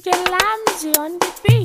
DJ you on the beat.